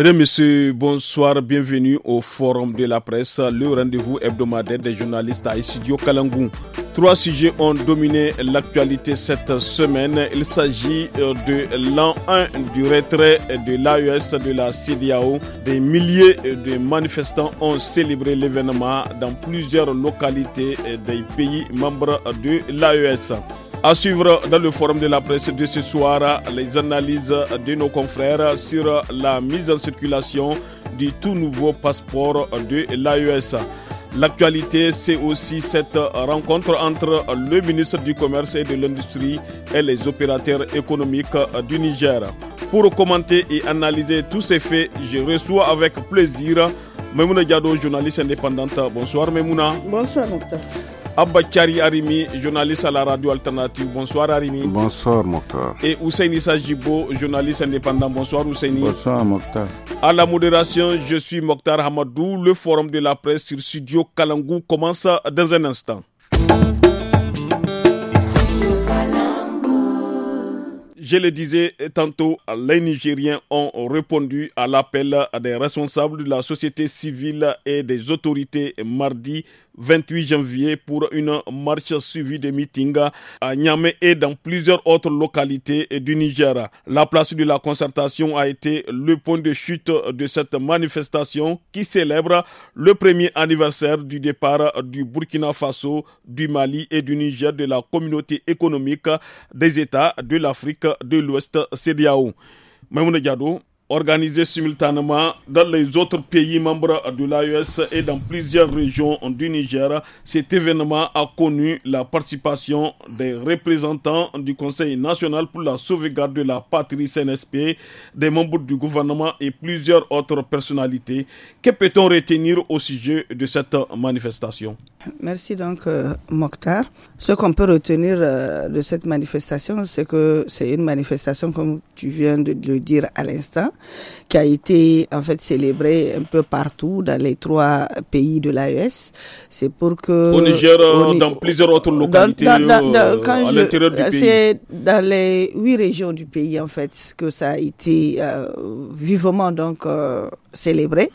Mesdames, Messieurs, bonsoir, bienvenue au Forum de la presse, le rendez-vous hebdomadaire des journalistes à Isidio Kalangou. Trois sujets ont dominé l'actualité cette semaine. Il s'agit euh, de l'an 1 du retrait de l'AES de la CDAO. Des milliers de manifestants ont célébré l'événement dans plusieurs localités euh, des pays membres de l'AES. À suivre dans le forum de la presse de ce soir, les analyses de nos confrères sur la mise en circulation du tout nouveau passeport de l'AES. L'actualité, c'est aussi cette rencontre entre le ministre du Commerce et de l'Industrie et les opérateurs économiques du Niger. Pour commenter et analyser tous ces faits, je reçois avec plaisir Memouna Diado, journaliste indépendante. Bonsoir Memouna. Bonsoir docteur. Chari Arimi, journaliste à la radio alternative. Bonsoir Arimi. Bonsoir Mokhtar. Et Ousseini Sajibo, journaliste indépendant. Bonsoir Ousseini. Bonsoir Mokhtar. À la modération, je suis Mokhtar Hamadou. Le forum de la presse sur Studio Kalangou commence dans un instant. je le disais tantôt, les Nigériens ont répondu à l'appel des responsables de la société civile et des autorités mardi 28 janvier pour une marche suivie de meetings à Niamey et dans plusieurs autres localités du Niger. La place de la concertation a été le point de chute de cette manifestation qui célèbre le premier anniversaire du départ du Burkina Faso, du Mali et du Niger de la communauté économique des États de l'Afrique de l'Ouest, CDAO. Maimouna Diado, Organisé simultanément dans les autres pays membres de l'AES et dans plusieurs régions du Niger. Cet événement a connu la participation des représentants du Conseil national pour la sauvegarde de la patrie CNSP, des membres du gouvernement et plusieurs autres personnalités. Que peut-on retenir au sujet de cette manifestation Merci donc euh, Mokhtar. Ce qu'on peut retenir euh, de cette manifestation, c'est que c'est une manifestation, comme tu viens de le dire à l'instant, qui a été en fait célébré un peu partout dans les trois pays de l'AES. C'est pour que au Niger, euh, dans plusieurs autres localités, C'est dans les huit régions du pays en fait que ça a été euh, vivement donc euh, célébré.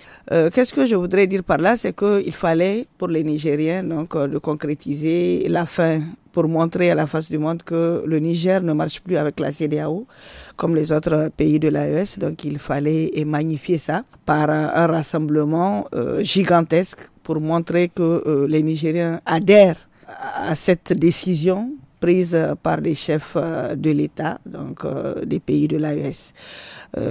Qu'est-ce que je voudrais dire par là, c'est qu'il fallait pour les Nigériens donc de concrétiser la fin pour montrer à la face du monde que le Niger ne marche plus avec la CDAO comme les autres pays de l'AES. Donc il fallait magnifier ça par un rassemblement euh, gigantesque pour montrer que euh, les Nigériens adhèrent à cette décision prise par les chefs euh, de l'État, donc des pays de l'AES.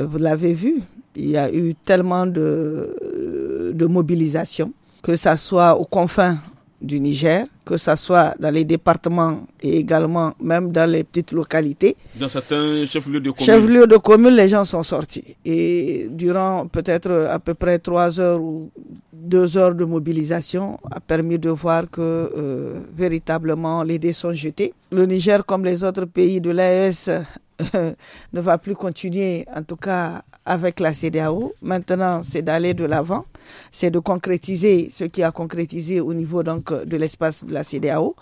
vous l'avez vu, il y a eu tellement de, de mobilisation, que ça soit aux confins du Niger, que ce soit dans les départements et également même dans les petites localités. Dans certains chefs-lieux de communes. Chefs-lieux de les gens sont sortis. Et durant peut-être à peu près trois heures ou deux heures de mobilisation a permis de voir que euh, véritablement les dés sont jetés. Le Niger, comme les autres pays de l'AES, ne va plus continuer, en tout cas, avec la CDAO. Maintenant, c'est d'aller de l'avant, c'est de concrétiser ce qui a concrétisé au niveau donc euh, de l'espace de la CDAO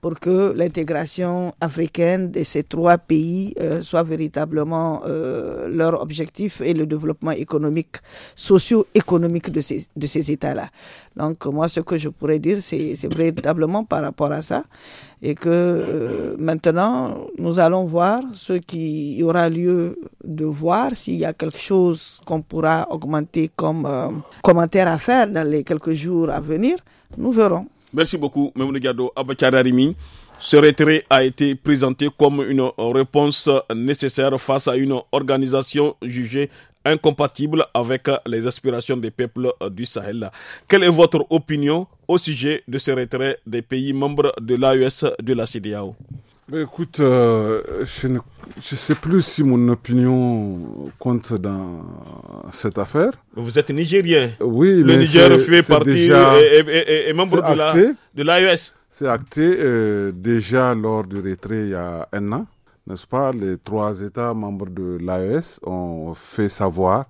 pour que l'intégration africaine de ces trois pays euh, soit véritablement euh, leur objectif et le développement économique, socio-économique de ces, de ces États-là. Donc moi, ce que je pourrais dire, c'est véritablement par rapport à ça et que euh, maintenant, nous allons voir ce qui aura lieu de voir, s'il y a quelque chose qu'on pourra augmenter comme commentaire à faire dans les quelques jours à venir, nous verrons. Merci beaucoup, Mme Gado Abakararimi. Ce retrait a été présenté comme une réponse nécessaire face à une organisation jugée incompatible avec les aspirations des peuples du Sahel. Quelle est votre opinion au sujet de ce retrait des pays membres de l'AES de la CDAO écoute, euh, je ne je sais plus si mon opinion compte dans cette affaire. Vous êtes nigérien. Oui, le Niger fait membre de l'AES. C'est acté euh, déjà lors du retrait il y a un an, n'est-ce pas Les trois États membres de l'AES ont fait savoir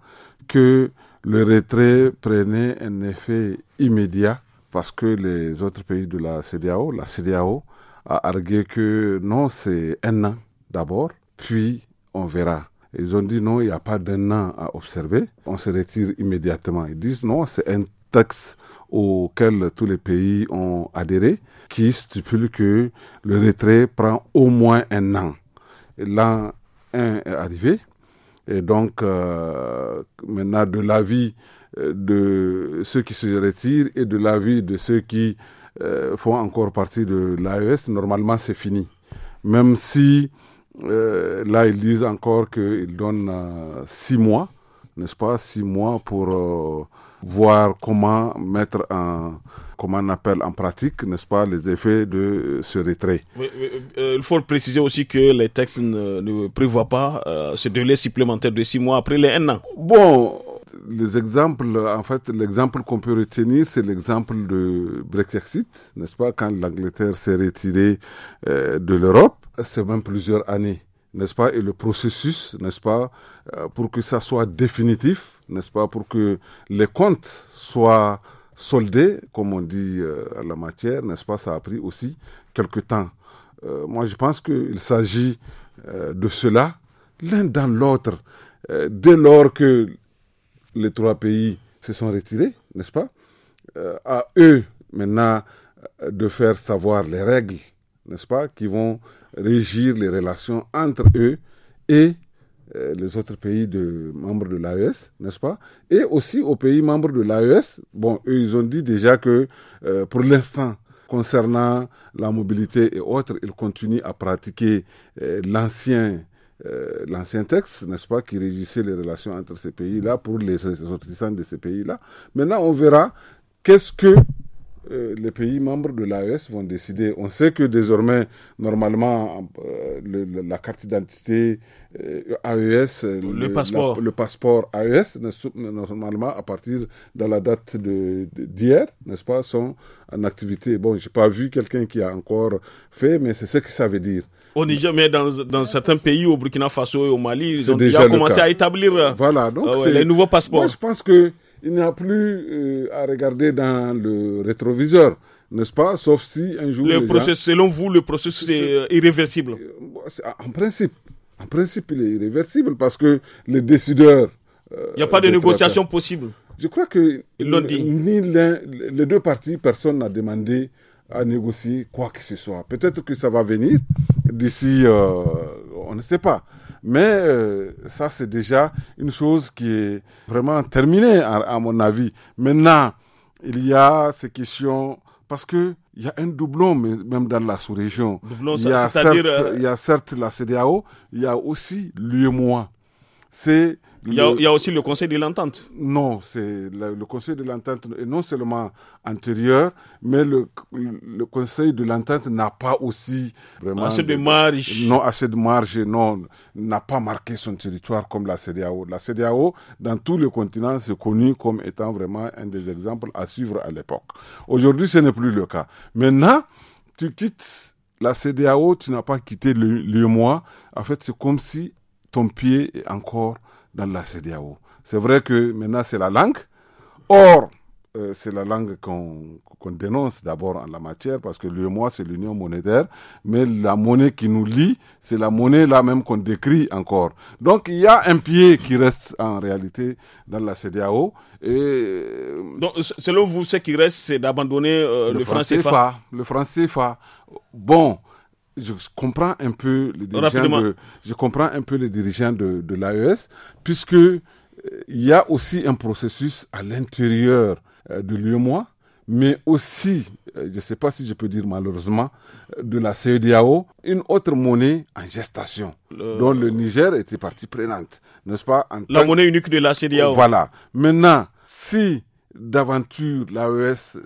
que le retrait prenait un effet immédiat parce que les autres pays de la CDAO, la CDAO, a argué que non, c'est un an d'abord, puis on verra. Ils ont dit non, il n'y a pas d'un an à observer. On se retire immédiatement. Ils disent non, c'est un texte auquel tous les pays ont adhéré qui stipule que le retrait prend au moins un an. L'an 1 est arrivé. Et donc, euh, maintenant, de l'avis euh, de ceux qui se retirent et de l'avis de ceux qui euh, font encore partie de l'AES, normalement c'est fini. Même si euh, là ils disent encore qu'ils donnent euh, six mois, n'est-ce pas, six mois pour voir comment mettre en comment on appelle en pratique, n'est-ce pas, les effets de ce retrait. il faut préciser aussi que les textes ne, prévoient pas ce délai supplémentaire de six mois après les un an. Bon, les exemples, en fait, l'exemple qu'on peut retenir, c'est l'exemple de Brexit, n'est-ce pas, quand l'Angleterre s'est retirée euh, de l'Europe, c'est même plusieurs années, n'est-ce pas, et le processus, n'est-ce pas, euh, pour que ça soit définitif, n'est-ce pas, pour que les comptes soient soldés, comme on dit euh, à la matière, n'est-ce pas, ça a pris aussi quelque temps. moi, je pense qu'il s'agit de cela, l'un dans l'autre. dès lors que les trois pays se sont retirés, n'est-ce pas euh, À eux maintenant euh, de faire savoir les règles, n'est-ce pas, qui vont régir les relations entre eux et euh, les autres pays de, membres de l'AES, n'est-ce pas Et aussi aux pays membres de l'AES, bon, eux, ils ont dit déjà que pour l'instant, concernant la mobilité et autres, ils continuent à pratiquer l'ancien euh, l'ancien texte, n'est-ce pas, qui régissait les relations entre ces pays-là pour les ressortissants de ces pays-là. Maintenant, on verra qu'est-ce que euh, les pays membres de l'AES vont décider. On sait que désormais, normalement, euh, la carte d'identité AES, le, passeport, le passeport AES, e normalement, à partir de la date d'hier, de, d'hier n'est-ce pas, sont en activité. Bon, j'ai pas vu quelqu'un qui a encore fait, mais c'est ce que ça veut dire au mais dans, certains pays, au Burkina Faso et au Mali, ils ont déjà, commencé à établir euh, ah les nouveaux passeports. Moi, je pense qu'il n'y a plus euh, à regarder dans le rétroviseur. N'est-ce pas Sauf si un jour. Selon vous, le processus est, euh, irréversible En principe. En principe, il est irréversible parce que les décideurs. Il n'y a pas de négociation possible. Je crois que. les deux parties, personne n'a demandé à négocier quoi que ce soit. Peut-être que ça va venir, d'ici, euh, on ne sait pas. Mais euh, ça, c'est déjà une chose qui est vraiment terminée, à, mon avis. Maintenant, il y a ces questions, parce que il y a un doublon même dans la sous-région. Euh, il, y a certes, la CDAO, il y a aussi l'UEMOA. C'est il y, a, aussi le Conseil de l'entente. Non, c'est le, Conseil de l'entente est non seulement antérieur, mais le, Conseil de l'entente n'a pas aussi vraiment assez de, marge. Non, assez de marge, non, n'a pas marqué son territoire comme la CDAO. La CDAO, dans tout le continent, c'est connu comme étant vraiment un des exemples à suivre à l'époque. Aujourd'hui, ce n'est plus le cas. Maintenant, tu quittes la CDAO, tu n'as pas quitté le, le mois. En fait, c'est comme si ton pied est encore dans la CDAO. C'est vrai que maintenant c'est la langue. Or, euh, c'est la langue qu'on dénonce d'abord en la matière parce que l'UEMOA c'est l'union monétaire, mais la monnaie qui nous lie, c'est la monnaie là même qu'on décrit encore. Donc il y a un pied qui reste en réalité dans la CDAO. Euh, Donc selon vous, ce qui reste, c'est d'abandonner euh, le, le, franc CFA. Le franc CFA. Bon, je comprends un peu les dirigeants de, je comprends un peu les dirigeants de, l'AES, puisque euh, il y a aussi un processus à l'intérieur du euh, de moi mais aussi, euh, je ne sais pas si je peux dire malheureusement, de la CEDAO, une autre monnaie en gestation, dont le Niger était partie prenante, n'est-ce pas La monnaie unique de la CEDAO. Voilà. Maintenant, si d'aventure l'AES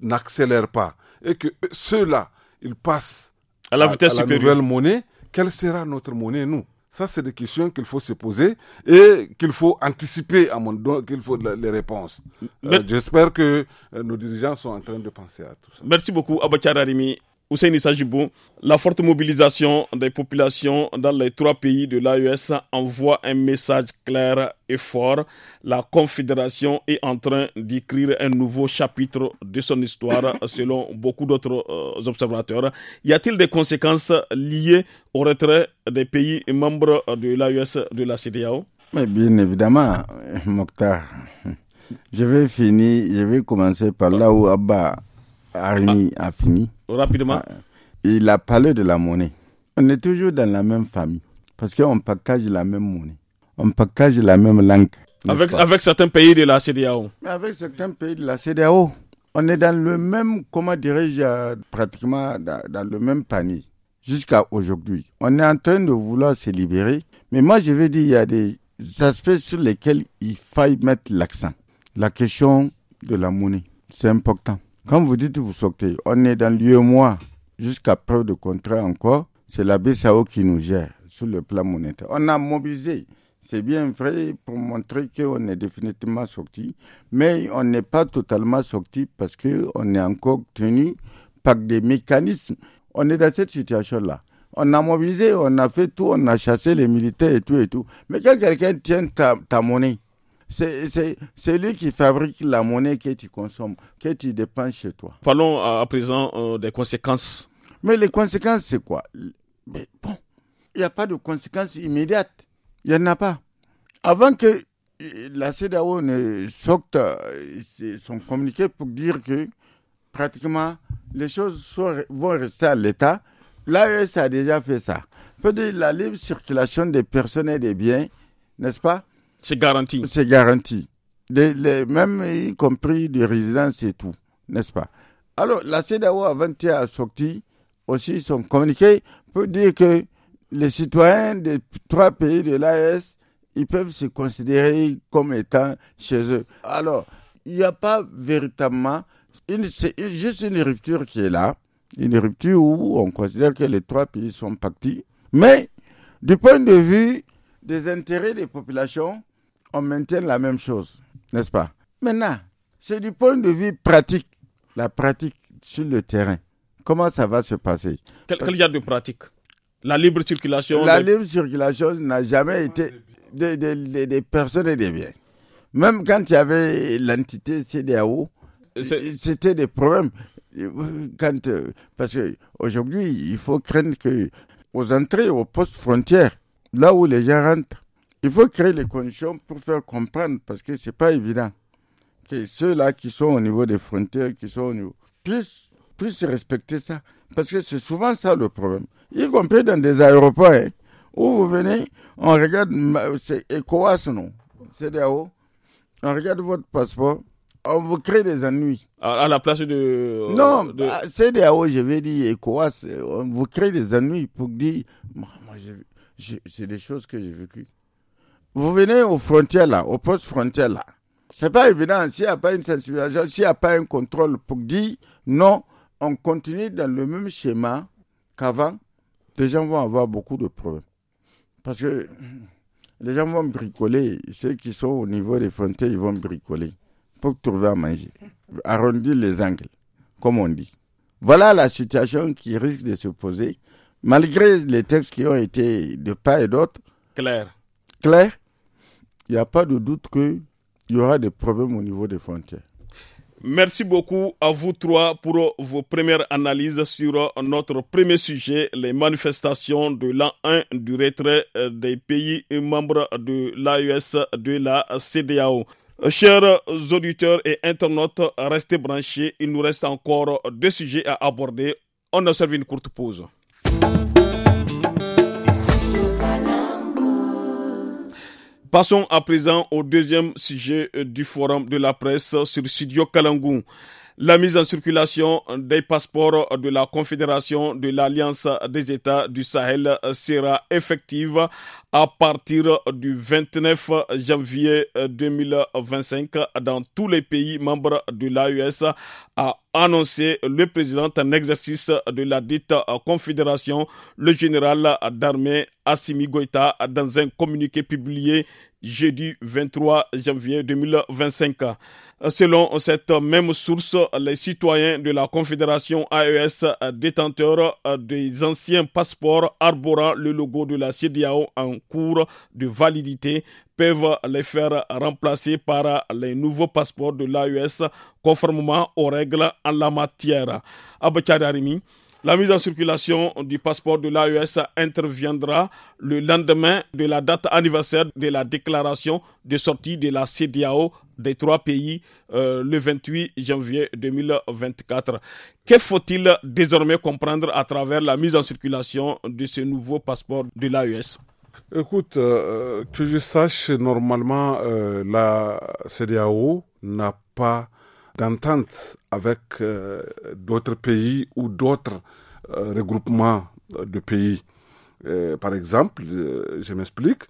n'accélère pas et que ceux-là, ils passent à la vitesse supérieure. nouvelle monnaie, quelle sera notre monnaie, nous Ça, c'est des questions qu'il faut se poser et qu'il faut anticiper, à mon qu'il faut les réponses. Euh, j'espère que euh, nos dirigeants sont en train de penser à tout ça. Merci beaucoup, Abachar Arimi. Hussein Sajibou, la forte mobilisation des populations dans les trois pays de l'AES envoie un message clair et fort. La Confédération est en train d'écrire un nouveau chapitre de son histoire, selon beaucoup d'autres euh, observateurs. Y a-t-il des conséquences liées au retrait des pays membres de l'AES de la CDAO Mais Bien évidemment, Mokhtar. Je vais finir, je vais commencer par là où Abba Arimi a fini rapidement. Ah, il a parlé de la monnaie. On est toujours dans la même famille parce qu'on package la même monnaie. On package la même langue. Avec, certains pays de la CDAO. Avec certains pays de la CDAO. On est dans le même, comment dirais-je, euh, pratiquement dans, le même panier jusqu'à aujourd'hui. On est en train de vouloir se libérer, mais moi je vais dire, il y a des aspects sur lesquels il faille mettre l'accent. La question de la monnaie, c'est important. Quand vous dites vous sortez, on est dans lieu moi, jusqu'à preuve de contrat encore, c'est la BSAO qui nous gère sur le plan monétaire. On a mobilisé, c'est bien vrai, pour montrer qu'on est définitivement sorti, mais on n'est pas totalement sorti parce qu'on est encore tenu par des mécanismes. On est dans cette situation-là. On a mobilisé, on a fait tout, on a chassé les militaires et tout et tout. Mais quand quelqu'un tient ta monnaie, c'est lui qui fabrique la monnaie que tu consommes, que tu dépenses chez toi. Parlons euh, à présent euh, des conséquences. Mais les conséquences, c'est quoi Bon, il n'y a pas de conséquences immédiates. Il n'y en a pas. Avant que euh, la CEDAO ne sorte son communiqué pour dire que pratiquement les choses vont rester à l'État, l'AES a déjà fait ça. Peut dire la libre circulation des personnes et des biens, n'est-ce pas c'est garanti. C'est garanti. Les, même y compris des résidences et tout, n'est-ce pas Alors, la CEDAO avant 21 sorti aussi son communiqué peut dire que les citoyens des trois pays de l'AS, e ils peuvent se considérer comme étant chez eux. Alors, il n'y a pas véritablement, c'est juste une rupture qui est là, une rupture où on considère que les trois pays sont partis, mais du point de vue des intérêts des populations, on maintient la même chose, n'est-ce pas Maintenant, c'est du point de vue pratique, la pratique sur le terrain. Comment ça va se passer Quel, genre de pratique La libre circulation La libre circulation n'a jamais été des personnes et des biens. Même quand il y avait l'entité CDAO, c'était des problèmes. Quand, euh, parce qu'aujourd'hui, il faut craindre que aux entrées, aux postes frontières, là où les gens rentrent, il faut créer les conditions pour faire comprendre, parce que ce n'est pas évident, que ceux-là qui sont au niveau des frontières, qui sont au niveau, puissent, respecter ça. Parce que c'est souvent ça le problème, y compris dans des aéroports. Hein, où vous venez, on regarde, c'est ECOAS non CDAO, on regarde votre passeport, on vous crée des ennuis. À, la place de. Euh, non, de... Bah, je vais dire, ECOAS, on vous crée des ennuis pour dire, moi, c'est des choses que j'ai vécues vous venez aux frontières là, aux postes frontières là. C'est pas évident s'il n'y a pas une sensibilisation, s'il n'y a pas un contrôle pour dire non, on continue dans le même schéma qu'avant. Les gens vont avoir beaucoup de problèmes. Parce que les gens vont bricoler. Ceux qui sont au niveau des frontières, ils vont bricoler pour trouver à manger. Arrondir les angles, comme on dit. Voilà la situation qui risque de se poser, malgré les textes qui ont été de part et d'autre. Clair. Clair il n'y a pas de doute qu'il y aura des problèmes au niveau des frontières. Merci beaucoup à vous trois pour vos premières analyses sur notre premier sujet, les manifestations de l'an 1 du retrait euh, des pays membres de l'AES de la CDAO. Euh, chers auditeurs et internautes, restez branchés. Il nous reste encore deux sujets à aborder. On servi une courte pause. Passons à présent au deuxième sujet euh, du forum de la presse sur Studio Kalangou la mise en circulation des passeports de la Confédération de l'Alliance des États du Sahel sera effective à partir du 29 janvier 2025 dans tous les pays membres de l'AES, a annoncé le président en exercice de la dite confédération, le général d'armée Assimi Goïta, dans un communiqué publié jeudi 23 janvier 2025. Selon cette même source, les citoyens de la Confédération AES détenteurs des anciens passeports arborant le logo de la CDAO en cours de validité peuvent les faire remplacer par les nouveaux passeports de l'AES conformément aux règles en la matière. La mise en circulation du passeport de l'AES interviendra le lendemain de la date anniversaire de la déclaration de sortie de la CDAO des trois pays euh, le 28 janvier 2024. Que faut-il désormais comprendre à travers la mise en circulation de ce nouveau passeport de l'AES Écoute, euh, que je sache, normalement, euh, la CDAO n'a pas d'entente avec euh, d'autres pays ou d'autres euh, regroupements de pays. par exemple, euh, je m'explique,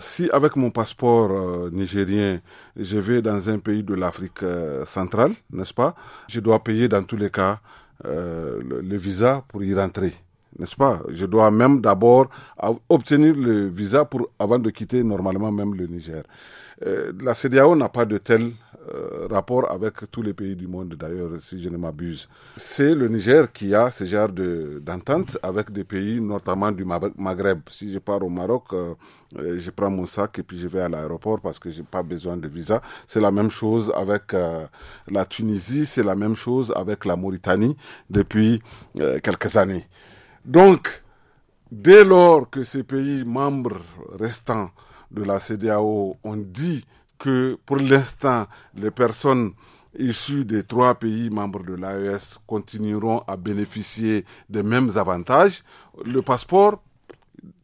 si avec mon passeport nigérien, je vais dans un pays de l'Afrique centrale, n'est-ce pas, je dois payer dans tous les cas le, visa pour y rentrer n'est-ce pas Je dois même d'abord obtenir le visa pour avant de quitter normalement même le Niger. Euh, la CDAO n'a pas de tel euh, rapport avec tous les pays du monde, d'ailleurs, si je ne m'abuse. C'est le Niger qui a ce genre d'entente avec des pays, notamment du Maghreb. Si je pars au Maroc, euh, je prends mon sac et puis je vais à l'aéroport parce que je n'ai pas besoin de visa. C'est la même chose avec la Tunisie, c'est la même chose avec la Mauritanie depuis quelques années. Donc, dès lors que ces pays membres restants de la CDAO, on dit que pour l'instant, les personnes issues des trois pays membres de l'AES continueront à bénéficier des mêmes avantages. Le passeport,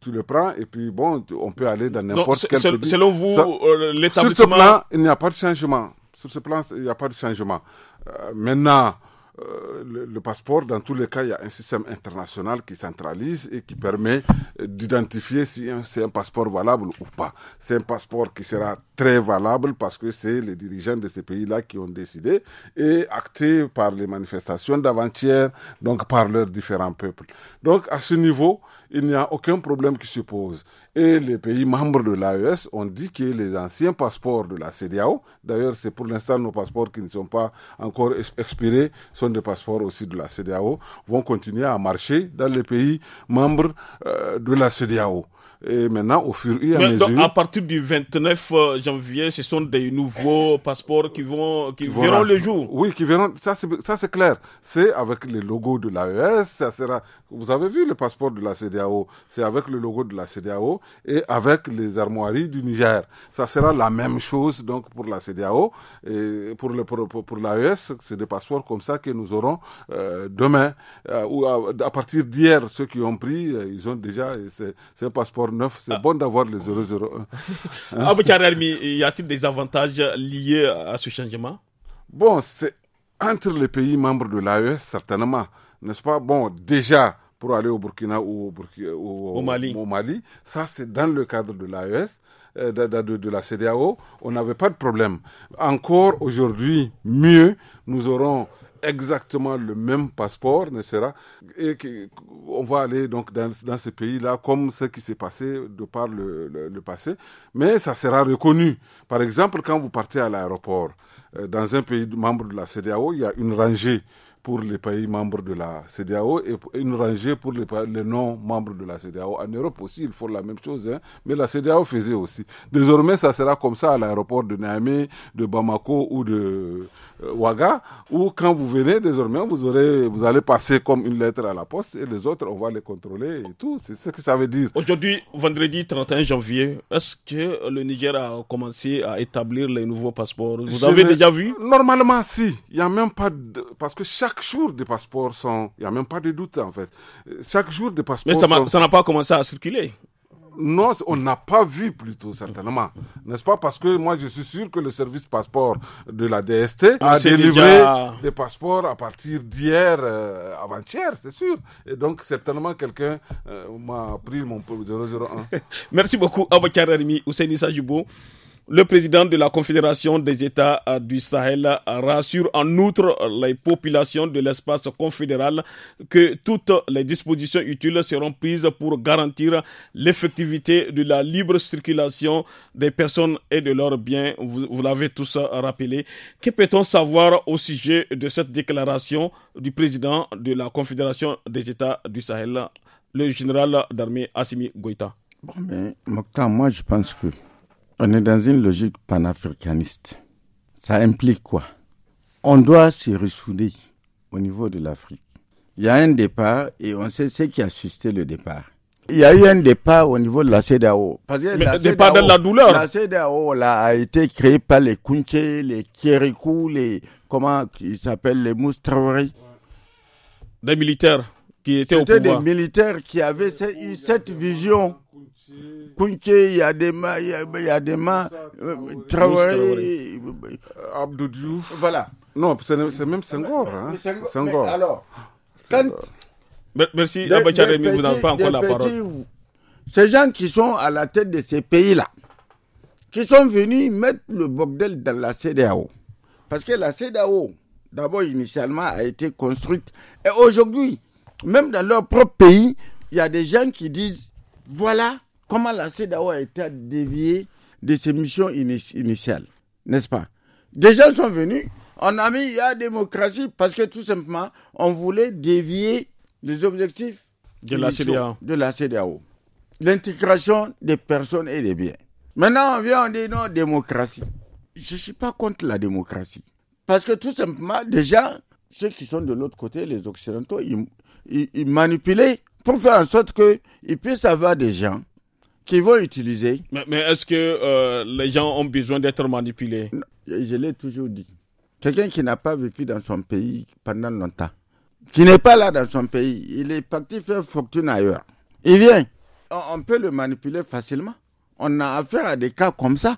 tu le prends et puis bon, on peut aller dans n'importe quel pays. Selon vous, euh, l'établissement... Sur ce plan, il n'y a pas de changement. Sur ce plan, il n'y a pas de changement. Euh, maintenant, euh, le, le, passeport, dans tous les cas, il y a un système international qui centralise et qui permet euh, d'identifier si c'est un passeport valable ou pas. C'est un passeport qui sera très valable parce que c'est les dirigeants de ces pays-là qui ont décidé et acté par les manifestations d'avant-hier, donc par leurs différents peuples. Donc à ce niveau, il n'y a aucun problème qui se pose. Et les pays membres de l'AES ont dit que les anciens passeports de la CDAO, d'ailleurs c'est pour l'instant nos passeports qui ne sont pas encore expirés, sont des passeports aussi de la CDAO, vont continuer à marcher dans les pays membres euh, de la CDAO. Et maintenant, au fur et à mesure. Donc, à partir du 29 euh, janvier, ce sont des nouveaux passeports qui vont, qui, verront le jour. Oui, qui verront. Ça, c'est clair. C'est avec les logos de l'AES. Ça sera. Vous avez vu le passeport de la CDAO. C'est avec le logo de la CDAO et avec les armoiries du Niger. Ça sera la même chose, donc, pour la CDAO et pour le, pour, pour, l'AES. C'est des passeports comme ça que nous aurons euh, demain. Euh, ou à, partir d'hier, ceux qui ont pris, ils ont déjà. C'est un passeport c'est bon d'avoir le 001. y a-t-il des avantages liés à ce changement Bon, c'est entre les pays membres de l'AES, certainement. N'est-ce pas Bon, déjà, pour aller au Burkina ou au, Mali. ça c'est dans le cadre de l'AES. Euh, de, de, la CDAO, on n'avait pas de problème. Encore aujourd'hui, mieux, nous aurons exactement le même passeport, ne sera et on va aller donc dans, dans ces pays-là comme ce qui s'est passé de par le, passé, mais ça sera reconnu. Par exemple, quand vous partez à l'aéroport euh, dans un pays membre de la CDAO, il y a une rangée pour les pays membres de la CDAO et une rangée pour les, les non-membres de la CDAO. En Europe aussi, ils font la même chose, hein. mais la CDAO faisait aussi. Désormais, ça sera comme ça à l'aéroport de Niamey, de Bamako ou de euh, Ouaga, où quand vous venez, désormais, vous, aurez, vous allez passer comme une lettre à la poste et les autres, on va les contrôler et tout. C'est ce que ça veut dire. Aujourd'hui, vendredi 31 janvier, est-ce que le Niger a commencé à établir les nouveaux passeports Vous avez déjà vu Normalement, si. Il n'y a même pas Parce que chaque chaque jour des passeports sont, il n'y a même pas de doute en fait. Chaque jour des passeports. Mais ça n'a pas commencé à circuler. Non, on n'a pas vu plutôt certainement, n'est-ce pas Parce que moi, je suis sûr que le service passeport de la DST ah, a délivré des passeports à partir d'hier, euh, avant-hier, c'est sûr. Et donc, certainement, quelqu'un euh, m'a pris mon 001. Merci beaucoup, Abakar Arimi, Ousseini le président de la Confédération des États euh, du Sahel euh, rassure en outre les populations de l'espace confédéral que toutes les dispositions utiles seront prises pour garantir l'effectivité de la libre circulation des personnes et de leurs biens. Vous, l'avez tous euh, rappelé. Que peut-on savoir au sujet de cette déclaration du président de la Confédération des États du Sahel, le général d'armée Assimi Goïta Bon, mais moi je pense que on est dans une logique panafricaniste. Ça implique quoi On doit se ressouder au niveau de l'Afrique. Il y a un départ et on sait ce qui a suscité le départ. Il y a eu un départ au niveau de la CEDAO. la départ de la douleur. La CEDAO a été créée par les Kunche, les Kierikou, les. Comment ils s'appellent Les Moustraori. Des militaires qui étaient au pouvoir. C'était des militaires qui avaient cette vision Kounché, Yadema, Yadema, euh, Traoré, euh, Abdou Diouf. Voilà. Non, c'est même Senghor. Hein. Senghor. Alors, quand. Merci, vous n'avez pas encore la parole. Ces gens qui sont à la tête de ces pays-là, qui sont venus mettre le bordel dans la CDAO. Parce que la CDAO, d'abord, initialement, a été construite. Et aujourd'hui, même dans leur propre pays, il y a des gens qui disent voilà comment la CDAO a été déviée de ses missions initiales, n'est-ce pas Des gens sont venus, on a mis la démocratie parce que tout simplement, on voulait dévier les objectifs de la CDAO. De la L'intégration des personnes et des biens. Maintenant, on vient, on dit non, démocratie. Je ne suis pas contre la démocratie. Parce que tout simplement, déjà, ceux qui sont de l'autre côté, les Occidentaux, ils, ils manipulaient pour faire en sorte qu'ils puissent avoir des gens qui vont utiliser. Mais, est-ce que euh, les gens ont besoin d'être manipulés Je l'ai toujours dit. Quelqu'un qui n'a pas vécu dans son pays pendant longtemps, qui n'est pas là dans son pays, il est parti faire fortune ailleurs. Il vient. On peut le manipuler facilement. On a affaire à des cas comme ça.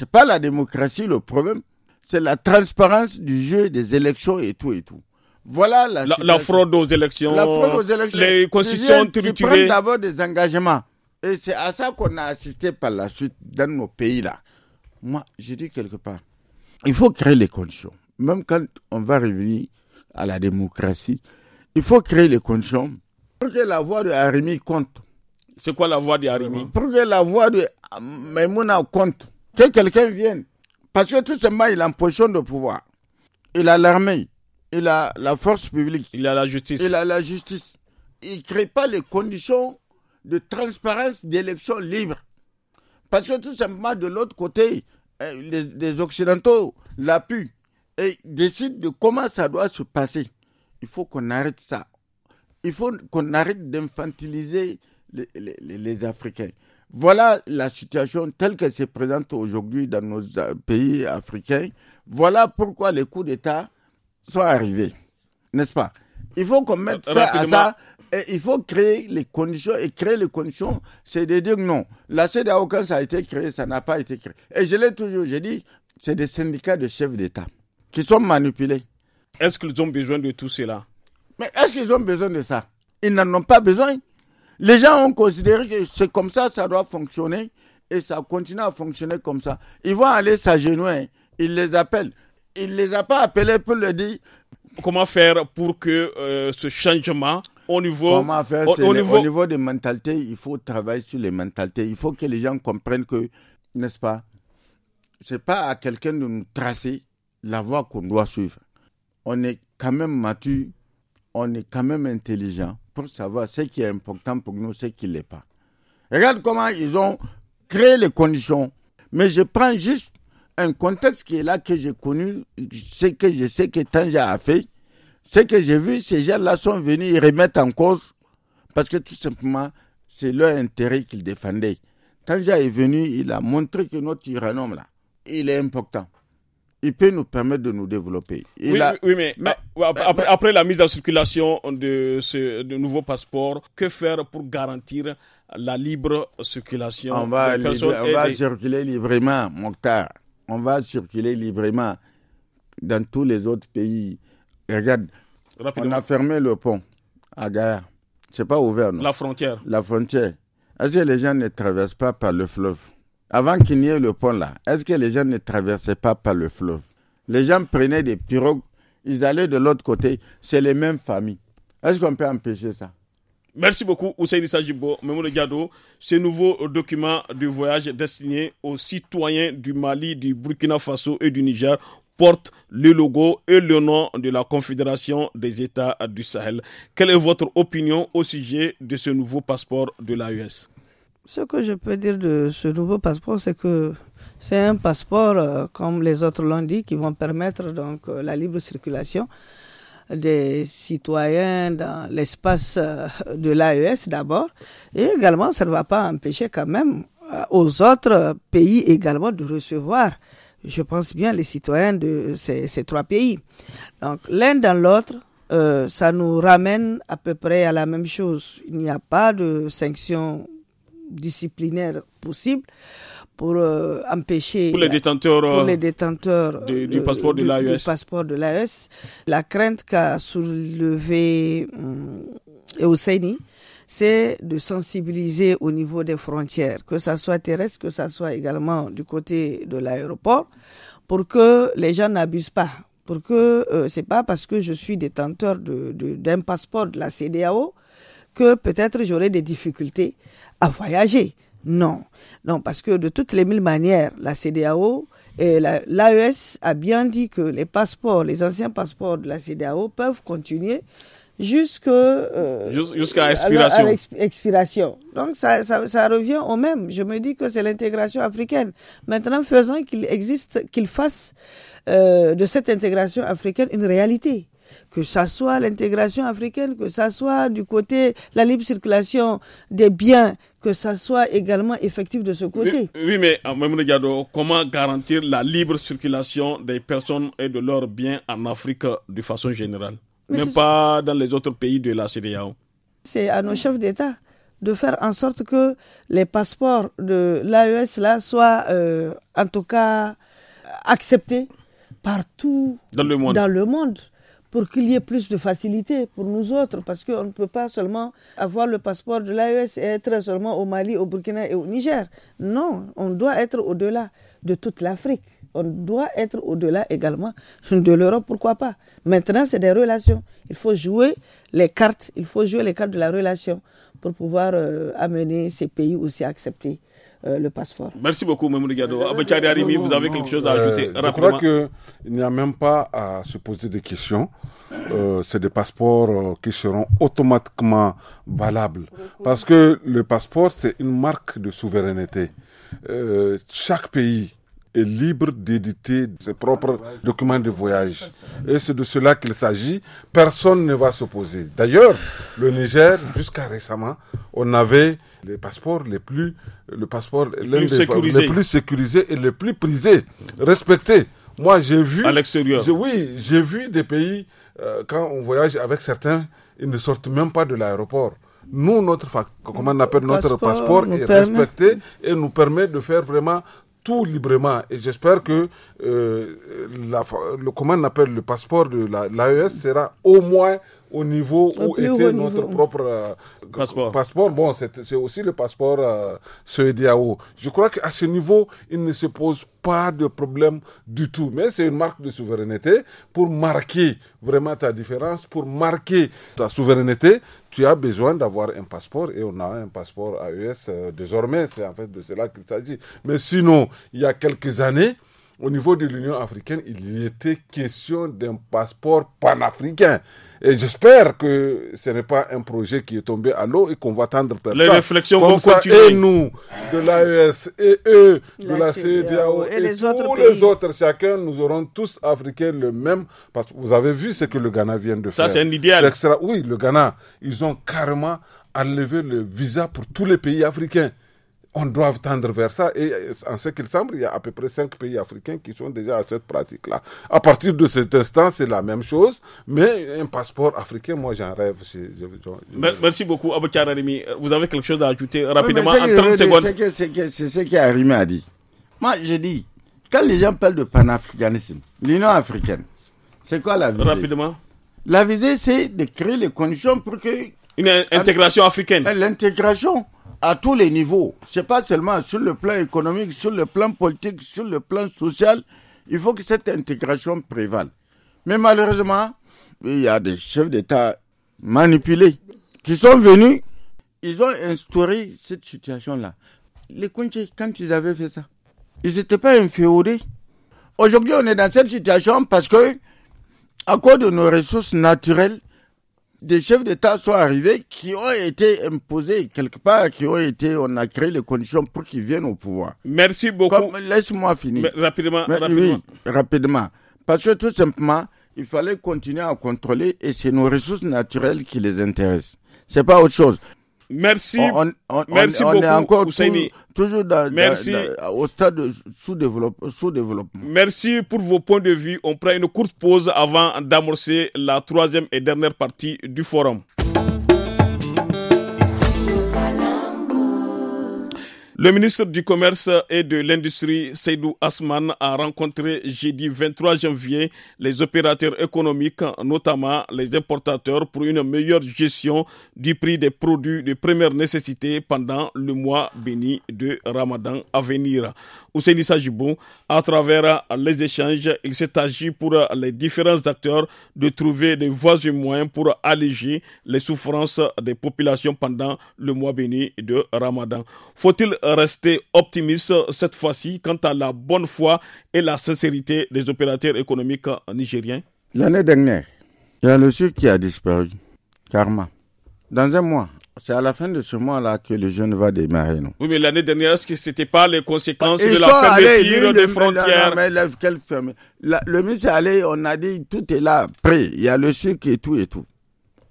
n'est pas la démocratie le problème. C'est la transparence du jeu des élections et tout et tout. Voilà la, la, fraude aux élections. La fraude aux élections. Les constitutions tu tu d'abord des engagements. Et c'est à ça qu'on a assisté par la suite dans nos pays-là. Moi, je dis quelque part, il faut créer les conditions. Même quand on va revenir à la démocratie, il faut créer les conditions pour que la voix de Harimi compte. C'est quoi la voix de Harimi Pour que la voix de Maimouna compte. Que quelqu'un vienne. Parce que tout simplement, il a en position de pouvoir. Il a l'armée. Il a la force publique. Il a la justice. Il a la justice. Il ne crée pas les conditions de transparence d'élections libres. Parce que tout simplement, de l'autre côté, euh, les, Occidentaux l'appuient et décident de comment ça doit se passer. Il faut qu'on arrête ça. Il faut qu'on arrête d'infantiliser les, les, Africains. Voilà la situation telle qu'elle se présente aujourd'hui dans nos euh, pays africains. Voilà pourquoi les coups d'État sont arrivés. N'est-ce pas il faut qu'on mette fin à ça. Et il faut créer les conditions. Et créer les conditions, c'est de dire non. La CEDAO, quand ça a été créé, ça n'a pas été créé. Et je l'ai toujours, j'ai dit, c'est des syndicats de chefs d'État qui sont manipulés. Est-ce qu'ils ont besoin de tout cela Mais est-ce qu'ils ont besoin de ça Ils n'en ont pas besoin. Les gens ont considéré que c'est comme ça, ça doit fonctionner. Et ça continue à fonctionner comme ça. Ils vont aller s'agenouiller. Ils les appellent. Ils ne les a pas appelés pour leur dire comment faire pour que euh, ce changement au niveau, au, niveau... niveau... des mentalités, il faut travailler sur les mentalités. Il faut que les gens comprennent que, n'est-ce pas, c'est pas à quelqu'un de nous tracer la voie qu'on doit suivre. On est quand même mature, on est quand même intelligent pour savoir ce qui est important pour nous, ce qui ne l'est pas. Regarde comment ils ont créé les conditions. Mais je prends juste un contexte qui est là que j'ai connu, ce que je sais que Tanja a fait, ce que j'ai vu, ces gens-là sont venus remettre en cause parce que tout simplement, c'est leur intérêt qu'ils défendaient. Tanja est venu, il a montré que notre uranium, là, il est important. Il peut nous permettre de nous développer. oui, mais, ah, Après, la mise en circulation de ce nouveau passeport, que faire pour garantir la libre circulation On va, des personnes circuler librement, Mokhtar on va circuler librement dans tous les autres pays. Regarde, on a fermé le pont à Gaïa. C'est pas ouvert, non La frontière. La frontière. Est-ce que les gens ne traversent pas par le fleuve Avant qu'il n'y ait le pont là, est-ce que les gens ne traversaient pas par le fleuve Les gens prenaient des pirogues, ils allaient de l'autre côté, c'est les mêmes familles. Est-ce qu'on peut empêcher ça Merci beaucoup, Ousseini Sajibo, de Ce nouveau document de voyage destiné aux citoyens du Mali, du Burkina Faso et du Niger porte le logo et le nom de la Confédération des États du Sahel. Quelle est votre opinion au sujet de ce nouveau passeport de l'AES Ce que je peux dire de ce nouveau passeport, c'est que c'est un passeport, euh, comme les autres l'ont dit, qui vont permettre donc euh, la libre circulation des citoyens dans l'espace euh, de l'AES d'abord, et également ça ne va pas empêcher quand même euh, aux autres pays également de recevoir, je pense bien, les citoyens de ces, trois pays. Donc l'un dans l'autre, euh, ça nous ramène à peu près à la même chose. Il n'y a pas de sanctions disciplinaires possibles pour euh, empêcher pour les détenteurs, pour euh, les détenteurs du, euh, passeport de l'AES. passeport de l'AES. La crainte qu'a soulevé hum, Euseni, c'est de sensibiliser au niveau des frontières, que ça soit terrestre, que ça soit également du côté de l'aéroport, pour que les gens n'abusent pas, pour que c'est pas parce que je suis détenteur d'un de, d'un passeport de la CDAO que peut-être j'aurai des difficultés à voyager. Non, non, parce que de toutes les mille manières, la CDAO et l'AES a bien dit que les passeports, les anciens passeports de la CDAO peuvent continuer euh, jusqu'à expiration. expiration. Donc ça, ça, ça, revient au même. Je me dis que c'est l'intégration africaine. Maintenant, faisons qu'il existe, qu'il fasse euh, de cette intégration africaine une réalité que ce soit l'intégration africaine, que ce soit du côté la libre circulation des biens, que ce soit également effectif de ce côté. Oui, mais euh, Mme comment garantir la libre circulation des personnes et de leurs biens en Afrique de façon générale, même pas dans les autres pays de la CDAO C'est à nos chefs d'État de faire en sorte que les passeports de l'AES là soient euh, en tout cas acceptés partout Dans le monde pour qu'il y ait plus de facilité pour nous autres, parce qu'on ne peut pas seulement avoir le passeport de l'AES et être seulement au Mali, au Burkina et au Niger. Non, on doit être au-delà de toute l'Afrique. On doit être au-delà également de l'Europe, pourquoi pas. Maintenant, c'est des relations. Il faut jouer les cartes, il faut jouer les cartes de la relation pour pouvoir euh, amener ces pays aussi à accepter euh, le passeport. Merci beaucoup, Mme Gado. Abachari ah, Arimi, vous avez quelque chose à ajouter euh, Je crois qu'il n'y a même pas à se poser de questions. Euh, c'est des passeports qui seront automatiquement valables. Parce que le passeport, c'est une marque de souveraineté. chaque pays est libre d'éditer ses propres documents de voyage. Et c'est de cela qu'il s'agit. Personne ne va s'opposer. D'ailleurs, le Niger, jusqu'à récemment, on avait les passeports les plus, le passeport les plus, sécurisés. les plus sécurisés et les plus prisés, respectés. Moi, j'ai vu. À l'extérieur. Oui, j'ai vu des pays, euh, quand on voyage avec certains, ils ne sortent même pas de l'aéroport nous, notre, comment on appelle, notre passeport, est respecté et nous permet de faire vraiment tout librement. Et j'espère que euh, la, le, comment on appelle le passeport de l'AES sera au moins au niveau où était notre propre euh, passeport. Bon, c'est aussi le passeport euh, CEDAO. Je crois qu'à ce niveau, il ne se pose pas de problème du tout. Mais c'est une marque de souveraineté pour marquer vraiment ta différence, pour marquer ta souveraineté. Tu as besoin d'avoir un passeport et on a un passeport AES euh, désormais. C'est en fait de cela qu'il s'agit. Mais sinon, il y a quelques années, au niveau de l'Union africaine, il y était question d'un passeport panafricain. Et j'espère que ce n'est pas un projet qui est tombé à l'eau et qu'on va tendre personne. Les réflexions vont continuer. Et nous, de l'AES, et eux, de la, CEDAO, et, les, tous les autres, chacun, nous aurons tous africains le même. Parce que vous avez vu ce que le Ghana vient de faire. Ça, c'est un idéal. Oui, le Ghana, ils ont carrément enlevé le visa pour tous les pays africains on doit tendre vers ça. Et euh, en ce qu'il semble, il y a à peu près cinq pays africains qui sont déjà à cette pratique-là. À partir de cet instant, c'est la même chose, mais un passeport africain, moi j'en rêve. Merci beaucoup, Arimi. Vous avez quelque chose à ajouter rapidement en 30 secondes C'est ce que a dit. Moi, je dis, quand les gens parlent de panafricanisme, l'Union africaine, c'est quoi la visée Rapidement. La visée, c'est de créer les conditions pour que... Une intégration africaine. Euh, l'intégration à tous les niveaux. C'est pas seulement sur le plan économique, sur le plan politique, sur le plan social. Il faut que cette intégration prévale. Mais malheureusement, il y a des chefs d'État manipulés qui sont venus. Ils ont instauré cette situation-là. Les Kunchés, quand ils avaient fait ça, ils n'étaient pas inféodés. Aujourd'hui, on est dans cette situation parce que, à cause de nos ressources naturelles, des chefs d'État sont arrivés qui ont été imposés quelque part, qui ont été, on a créé les conditions pour qu'ils viennent au pouvoir. Merci beaucoup. Laisse-moi finir. rapidement, rapidement. Oui, rapidement. Parce que tout simplement, il fallait continuer à contrôler et c'est nos ressources naturelles qui les intéressent. C'est pas autre chose. Merci. On, est encore toujours dans, euh, au stade sous-développement. merci pour vos points de vue. On prend une courte pause avant d'amorcer la troisième et dernière partie du forum. Le ministre du Commerce et de l'Industrie, Seydou Asman, a rencontré jeudi 23 janvier les opérateurs économiques, notamment les importateurs, pour une meilleure gestion du prix des produits de première nécessité pendant le mois béni de Ramadan à venir. Ousseini Sajibou à travers les échanges, il s'est agi pour les différents acteurs de trouver des voies et moyens pour alléger les souffrances des populations pendant le mois béni de Ramadan. Faut-il rester optimiste cette fois-ci quant à la bonne foi et la sincérité des opérateurs économiques nigériens L'année dernière, il y a le sucre qui a disparu, karma. Dans un mois, c'est à la fin de ce mois-là que le jeune va démarrer, non Oui, mais l'année dernière, est-ce que c'était pas les conséquences bah, de la fermeture des frontières quelle Le ministre est allé, on a dit, tout est là, prêt. Il y a le sucre et tout et tout.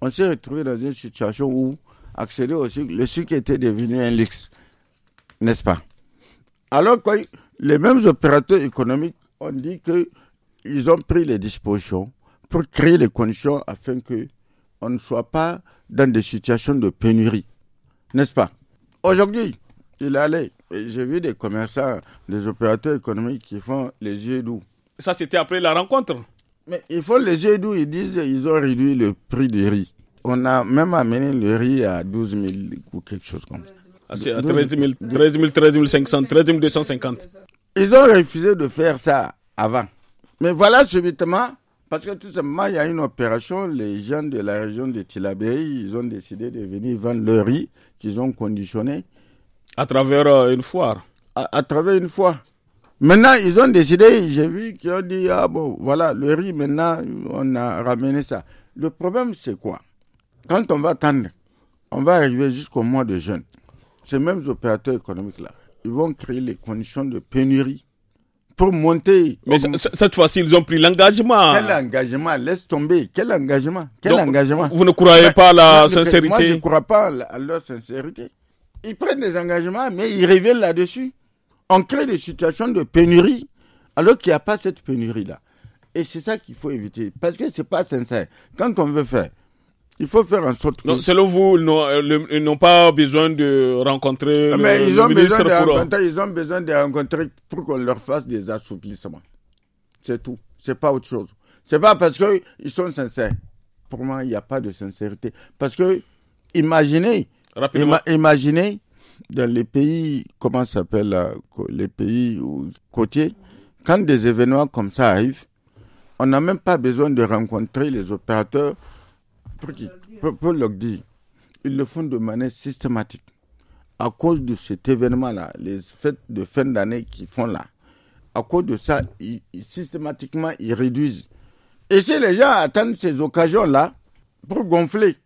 On s'est retrouvé dans une situation où accéder au sucre, le sucre était devenu un luxe, n'est-ce pas Alors que les mêmes opérateurs économiques ont dit qu'ils ont pris les dispositions pour créer les conditions afin que on ne soit pas dans des situations de pénurie. N'est-ce pas Aujourd'hui, il allait, j'ai vu des commerçants, des opérateurs économiques qui font les yeux doux. Ça, c'était après la rencontre Mais ils font les yeux doux, ils disent qu'ils ont réduit le prix du riz. On a même amené le riz à 12 000 ou quelque chose comme ça. Ah, à 13 000, 13 000, 13 500, 13 250. Ils ont refusé de faire ça avant. Mais voilà, subitement, parce que tout simplement, il y a une opération, les gens de la région de Tilabéry, ils ont décidé de venir vendre le riz qu'ils ont conditionné. À travers euh, une foire à, travers une foire. Maintenant, ils ont décidé, j'ai vu qu'ils ont dit, ah bon, voilà, le riz, maintenant, on a ramené ça. Le problème, c'est quoi Quand on va attendre, on va arriver jusqu'au mois de juin. Ces mêmes opérateurs économiques-là, ils vont créer les conditions de pénurie pour monter. Mais cette fois-ci, ils ont pris l'engagement. Quel engagement Laisse tomber. Quel engagement Quel engagement Vous ne croyez bah, pas à la sincérité Moi, je ne crois pas à leur sincérité. Ils prennent des engagements, mais ils révèlent là-dessus. On crée des situations de pénurie, alors qu'il n'y a pas cette pénurie-là. Et c'est ça qu'il faut éviter, parce que ce n'est pas sincère. Quand on veut faire, il faut faire en sorte selon vous, euh, ils n'ont pas besoin de rencontrer. Ah, le, Mais ils, ont besoin de rencontrer, ils ont besoin de rencontrer pour qu'on leur fasse des assouplissements. C'est tout. C'est pas autre chose. C'est pas parce qu'ils sont sincères. Pour moi, il n'y a pas de sincérité. Parce que, imaginez. imaginez, dans les pays, comment s'appelle, les pays côtiers, quand des événements comme ça arrivent, on n'a même pas besoin de rencontrer les opérateurs Paul dit, ils le font de manière systématique. À cause de cet événement-là, les fêtes de fin d'année qu'ils font là, à cause de ça, systématiquement, ils réduisent. Et si les gens attendent ces occasions-là pour gonfler,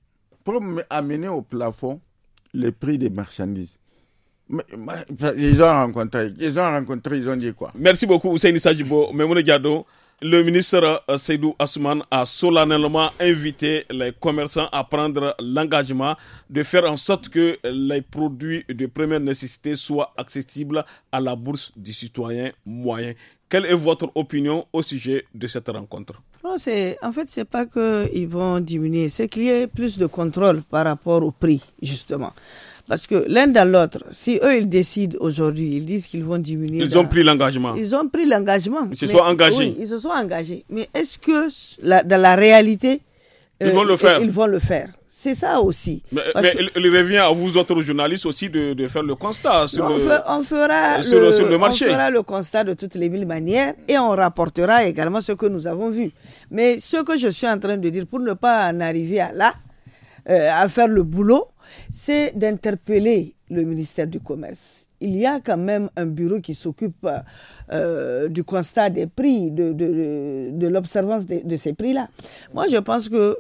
pour amener au plafond les prix des marchandises. Ils ont rencontré, ils ont rencontré, ils ont dit quoi Merci beaucoup, Ousseini Sajibo, le ministre euh, Seydou Asuman a solennellement invité les commerçants à prendre l'engagement de faire en sorte que les produits de première nécessité soient accessibles à la bourse du citoyen moyen. Quelle est votre opinion au sujet de cette rencontre non, En fait, ce n'est pas qu'ils vont diminuer, c'est qu'il y ait plus de contrôle par rapport au prix, justement. Parce que l'un dans l'autre, si eux, ils décident aujourd'hui, ils disent qu'ils vont diminuer. Ils ont pris l'engagement. Ils ont pris l'engagement. Ils se sont engagés. Oui, ils se sont engagés. Mais est-ce que dans la réalité, ils vont le euh, faire. Ils vont le faire. C'est ça aussi. Mais, il revient à vous autres journalistes aussi de, de faire le constat sur, le, on fera euh, sur, le, le, marché. On fera le constat de toutes les mille manières et on rapportera également ce que nous avons vu. Mais ce que je suis en train de dire, pour ne pas en arriver à là, euh, à faire le boulot, c'est d'interpeller le ministère du Commerce. Il y a quand même un bureau qui s'occupe euh, du constat des prix, de, de, l'observance de, ces prix-là. Moi, je pense que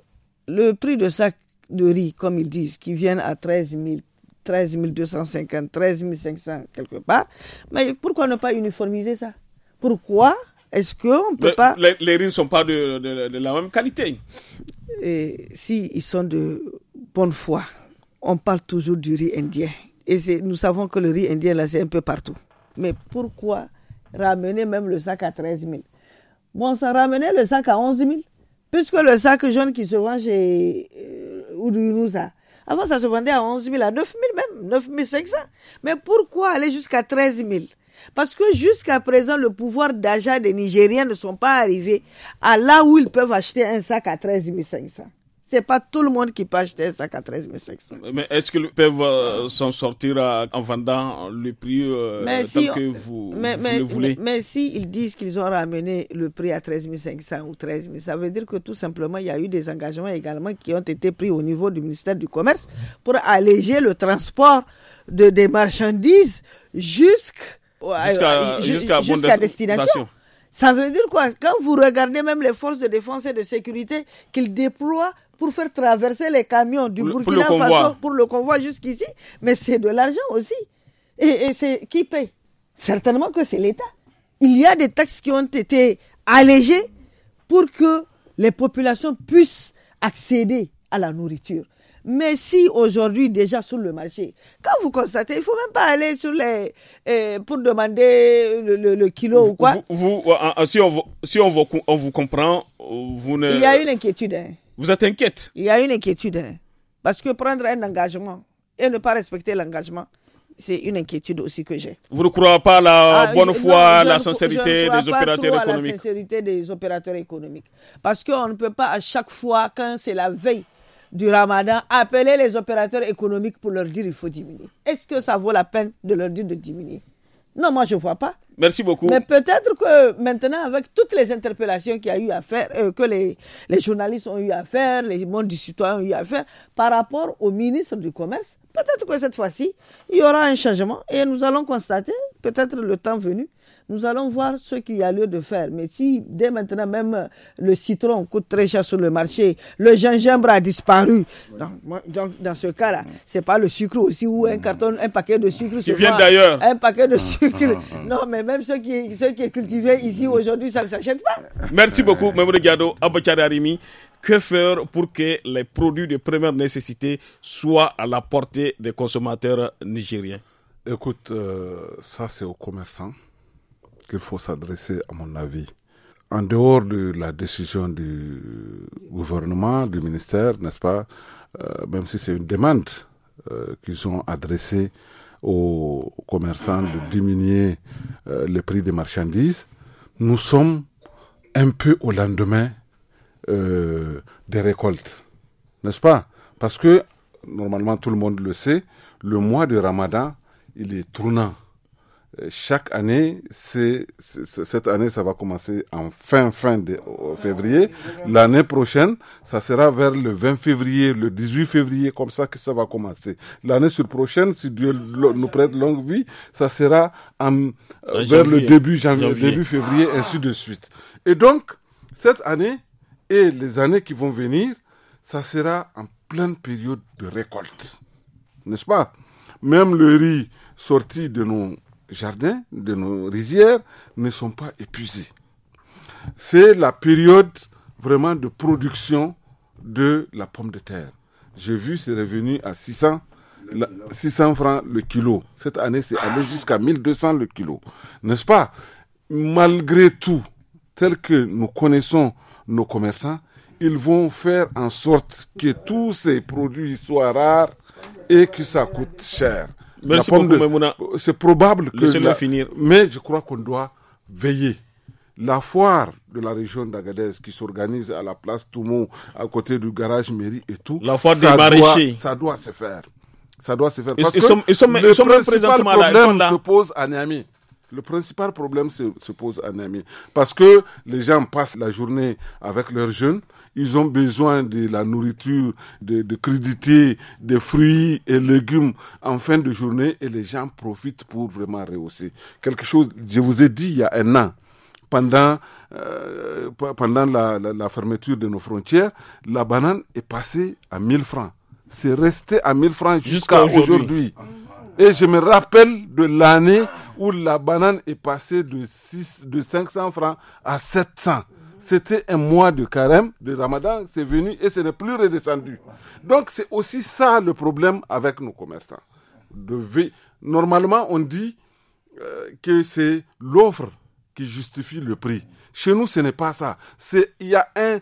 le prix de sac de riz, comme ils disent, qui viennent à 13 000, 13 250, 13 500 quelque part, mais pourquoi ne pas uniformiser ça Pourquoi est-ce qu'on peut pas. Les, riz ne sont pas de, la même qualité. Et si ils sont de bonne foi, on parle toujours du riz indien. Et nous savons que le riz indien, là, c'est un peu partout. Mais pourquoi ramener même le sac à 13 000 Bon, ça ramenait le sac à 11 000. Puisque le sac jaune qui se vend chez euh, Oudouinouza, avant ça se vendait à 11 000, à 9 000 même, 9 500. Mais pourquoi aller jusqu'à 13 000 parce que jusqu'à présent, le pouvoir d'achat des Nigériens ne sont pas arrivés à là où ils peuvent acheter un sac à 13 500. C'est pas tout le monde qui peut acheter un sac à 13 500. Mais est-ce qu'ils peuvent euh, s'en sortir euh, en vendant le prix euh, que vous, le voulez Mais, mais s'ils disent qu'ils ont ramené le prix à 13 500 ou 13 000, ça veut dire que tout simplement, il y a eu des engagements également qui ont été pris au niveau du ministère du Commerce pour alléger le transport de, des marchandises jusqu'à jusqu destination. Ça veut dire quoi Quand vous regardez même les forces de défense et de sécurité qu'ils déploient pour faire traverser les camions du Burkina Faso pour le convoi jusqu'ici, mais c'est de l'argent aussi. Et, c'est qui paye Certainement que c'est l'État. Il y a des taxes qui ont été allégées pour que les populations puissent accéder à la nourriture. Mais si aujourd'hui déjà sur le marché, quand vous constatez, il faut même pas aller sur les euh, pour demander le, kilo ou quoi. Vous, si on, si vous comprend, euh, vous ne. Il y a une inquiétude. Hein. Vous êtes inquiète Il y a une inquiétude. Hein. Parce que prendre un engagement et ne pas respecter l'engagement, c'est une inquiétude aussi que j'ai. Vous ne croyez pas à la bonne foi, la sincérité des opérateurs pas à la sincérité des opérateurs économiques. Parce qu'on ne peut pas à chaque fois, quand c'est la veille du ramadan, appeler les opérateurs économiques pour leur dire qu'il faut diminuer. Est-ce que ça vaut la peine de leur dire de diminuer Non, moi je ne vois pas. Merci beaucoup. Mais peut-être que maintenant, avec toutes les interpellations qu'il y a eu à faire, euh, que les, les journalistes ont eu à faire, les mondes du citoyen ont eu à faire, par rapport au ministre du Commerce, peut-être que cette fois-ci, il y aura un changement et nous allons constater, peut-être le temps venu, nous allons voir ce qu'il y a lieu de faire. Mais si dès maintenant même euh, le citron coûte très cher sur le marché, le gingembre a disparu, donc, dans ce cas-là, ce c'est pas le sucre aussi ou un carton, un paquet de sucre. Qui vient d'ailleurs. Un paquet de ah, sucre. Ah, ah. Non, mais même ceux qui, ceux qui est cultivé ici mm. aujourd'hui, ça ne s'achète pas. Merci beaucoup, Mme Gado, Que faire pour que les produits de première nécessité soient à la portée des consommateurs nigériens Écoute, euh, ça c'est aux commerçants qu'il faut s'adresser, à mon avis. En dehors de la décision du gouvernement, du ministère, n'est-ce pas, euh, même si c'est une demande euh, qu'ils ont adressée aux commerçants de diminuer euh, les prix des marchandises, nous sommes un peu au lendemain des récoltes, n'est-ce pas Parce que, normalement, tout le monde le sait, le mois de Ramadan, il est tournant chaque année, c'est, cette année, ça va commencer en fin, fin de février. L'année prochaine, ça sera vers le 20 février, le 18 février, comme ça que ça va commencer. L'année sur prochaine, si Dieu nous prête longue vie, ça sera euh, euh, vers le début janvier, janvier, début février, ah. ainsi de suite. Et donc, cette année et les années qui vont venir, ça sera en pleine période de récolte. N'est-ce pas? Même le riz sorti de nos jardins, de nos rizières ne sont pas épuisés. C'est la période vraiment de production de la pomme de terre. J'ai vu, c'est revenu à 600, 600 francs le kilo. Cette année, c'est allé jusqu'à 1200 le kilo. N'est-ce pas Malgré tout, tel que nous connaissons nos commerçants, ils vont faire en sorte que tous ces produits soient rares et que ça coûte cher mais C'est probable que. finir. Mais je crois qu'on doit veiller. La foire de la région d'Agadez qui s'organise à la place Toumou, à côté du garage mairie et tout. La foire des maraîchers. Doit, ça doit se faire. Ça doit se faire. Parce que ils sont, ils sont, le problème se pose à Niamey. Le principal problème se, pose à Niamey. Parce que les gens passent la journée avec leurs jeunes. Ils ont besoin de la nourriture, de, de de fruits et légumes en fin de journée. Et les gens profitent pour vraiment rehausser. Quelque chose, je vous ai dit il y a un an, pendant, euh, pendant la, fermeture de nos frontières, la banane est passée à 1000 francs. C'est resté à 1000 francs jusqu'à aujourd'hui. Ah. Et je me rappelle de l'année où la banane est passée de, 6, de 500 francs à 700. C'était un mois de carême, de ramadan, c'est venu et ce n'est plus redescendu. Donc c'est aussi ça le problème avec nos commerçants. Normalement, on dit euh, que c'est l'offre qui justifie le prix. Chez nous, ce n'est pas ça. Il y a un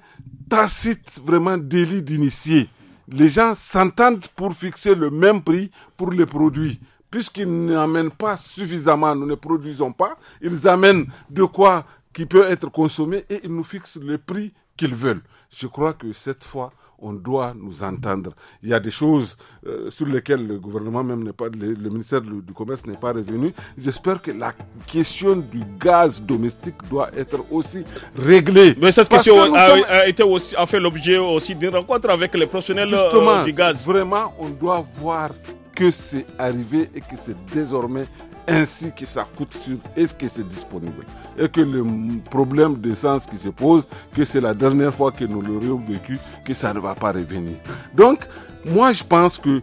tacite vraiment délit d'initié les gens s'entendent pour fixer le même prix pour les produits. Puisqu'ils n'amènent pas suffisamment, nous ne produisons pas, ils amènent de quoi qui peut être consommé et ils nous fixent le prix qu'ils veulent. Je crois que cette fois, on doit nous entendre. Il y a des choses euh, sur lesquelles le gouvernement même n'est pas, le, ministère du, Commerce n'est pas revenu. J'espère que la question du gaz domestique doit être aussi réglée. Mais cette question a, été aussi, a fait l'objet aussi d'une rencontre avec les professionnels euh, du gaz. Vraiment, on doit voir que c'est arrivé et que c'est désormais ainsi que ça coûte est-ce que c'est disponible. Et que le problème d'essence qui se pose, que c'est la dernière fois que nous l'aurions vécu, que ça ne va pas revenir. Donc, moi, je pense que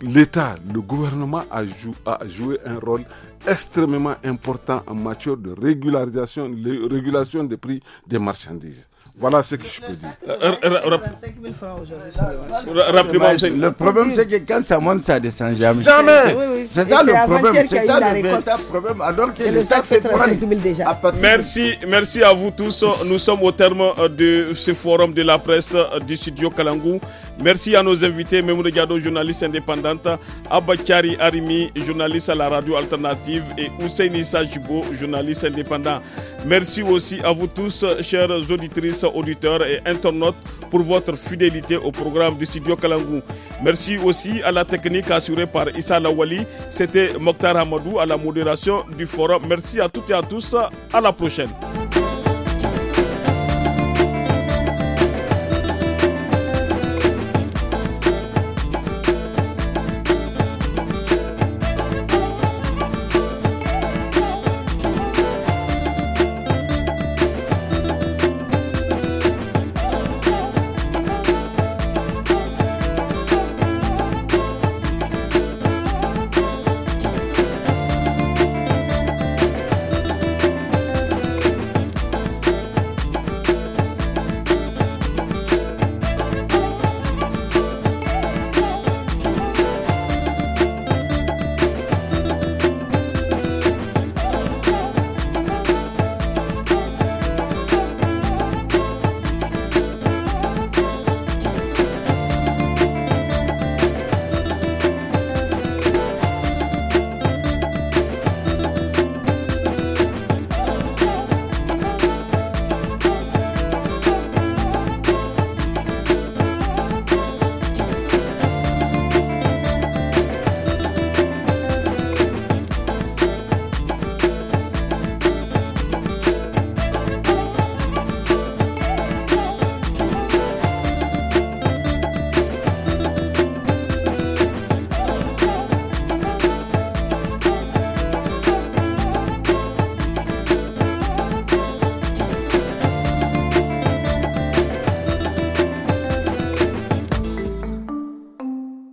l'État, le, gouvernement a, a, joué un rôle extrêmement important en matière de régularisation, de régulation des prix des marchandises. Voilà ce que je peux dire. Euh, euh, euh, le problème, c'est que quand ça monte, ça descend jamais. Jamais C'est ça le problème. C'est ça le problème. Alors que l'État fait prendre. Merci, merci à vous tous. Nous sommes au terme de ce forum de la presse du studio Kalangou. Merci à nos invités, Memoune Gado, journaliste indépendante, Abakari Arimi, journaliste à la radio alternative, et Hussein Issa Jibo, journaliste indépendant. Merci aussi à vous tous, chers auditrices, auditeurs et internautes, pour votre fidélité au programme du studio Kalangou. Merci aussi à la technique assurée par Issa Lawali. C'était Mokhtar Hamadou à la modération du forum. Merci à toutes et à tous. À la prochaine.